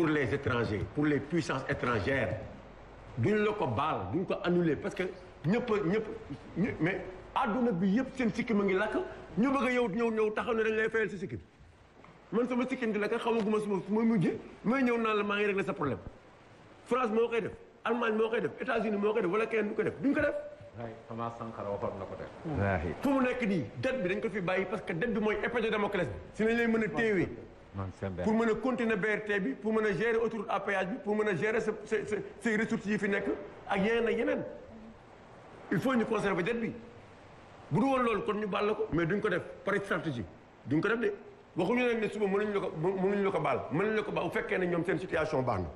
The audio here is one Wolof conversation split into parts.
pour les étrangers pour les puissances étrangères duñ la ko baal duñ ko annuler parce que ñëpp ñëpp mais adduna bi yëpp seen sikkim a ngi lakk ñu bëgg a yow ñëw ñëw taxaw ne dañ lay fayal si sikkim man sama sikkim di lakk xamaguma su ma ma mujjee may ñëw naan la maa ngi régler sa problème France moo koy def Allemagne moo koy def États-Unis moo koy def wala kenn du ko def duñ nekk nii dette bi dañ ko fi bàyyi parce que dette bi mooy épée de Damoclès. si nañ lay mën a pour mën a continuer BRT bi pour mën a gérer autoroute à péage bi pour mën a gérer sa sa say ressources yi fi nekk ak yeneen ak yeneen il faut ñu conserver dette bi bu du woon loolu kon ñu baal ko mais duñ ko def par stratégie duñ ko def de waxuñu nag ne suba mënuñu la ko mënuñu la ko baal mënuñu la ko baal bu fekkee ne ñoom seen situation baax na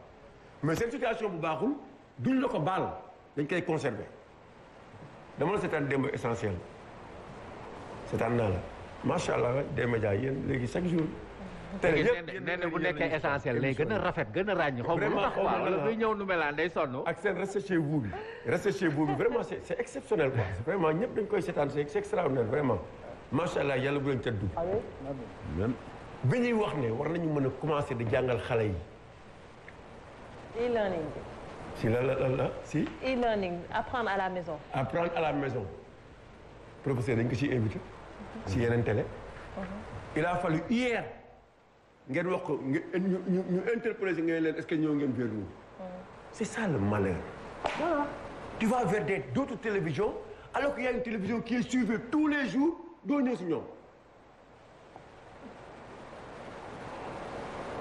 mais seen situation bu baaxul duñ la ko baal dañ koy conserver dama la seetaan démb essentiel seetaan naa la macha allah des médias yéen léegi chaque jour te nee na bu nekkee essentiel lay gën a rafet gën a ràññ xaw ma lu tax quoi wala buy ñëw nu melaan day sonn ak seen restez chez vous bi restez chez vraiment c'est c'est exceptionnel quoi koy seetaan c'est macha allah yàlla bu leen ca dugg ñuy wax ne war nañu mën a commencer di jàngal xale yi e-learning si la la la si e-learning apprendre à la maison apprendre à la maison professeur dañ ko ciy invité si yeneen télé mhm. il a fallu hier ngeen wax ko ñu ñu ñu interpellé ngeen leen est-ce que ngeen vers nous. c'est ça le malheur. voilà tu vas vers des d'autres télévisions alors qu'il y une télévision qui est suivie tous les jours doo ñëw si ñoom.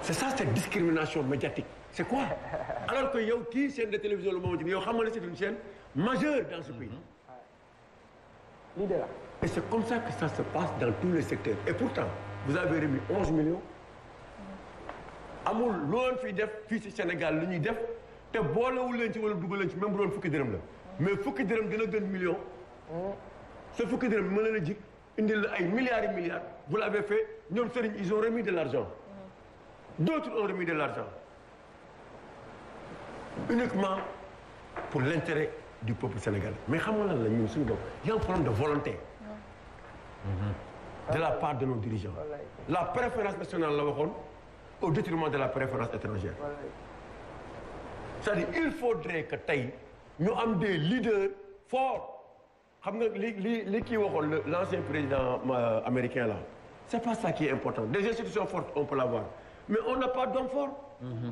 c'est ça cette discrimination médiatique c'est quoi alors que yow kii chaîne de télévision lu moom ci yow xam nga ne c'est une chaîne majeure dans ce mm-hmm. pays. leader. c'est comme ça que ça se passe dans tous les secteurs et pourtant vous avez remis 11 millions. amul loon fi def fii ci Sénégal lu ñuy def te boolewul leen ci wala dugal leen ci même bu doon fukki dërëm la mais fukki dërëm dina gën million mm. sa fukki dërëm mën leen a jik indil la ay milliards et milliards vous l'avez fait ñoom Serigne ils ont remis de l'argent mm. d'autres ont remis de l'argent uniquement pour l'intérêt du peuple sénégalais mais xam nga la ñun suñu bopp y a un de volonté mm. mm-hmm. de la part de nos dirigeants la préférence nationale la waxoon au détriment de la préférence étrangère c'est-à-dire il faudrait que tey ñu am des leaders forts xam nga li li li kii waxoon l' ancien président euh, américain là c' est pas ça qui est important des institutions fortes on peut l'avoir mais on n'a pas d'hommes forts mm-hmm.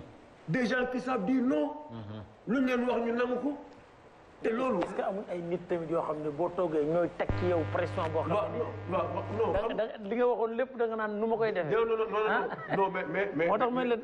des gens qui savent dire non mm-hmm. lu ñu leen wax ñu nangu ko te loolu est-ce que amul ay nit tamit yoo xam ne boo toogee ñooy teg ci yow pression boo xam ne li nga waxoon lépp da nga naan nu ma koy defee non non non ah? moo tax ma la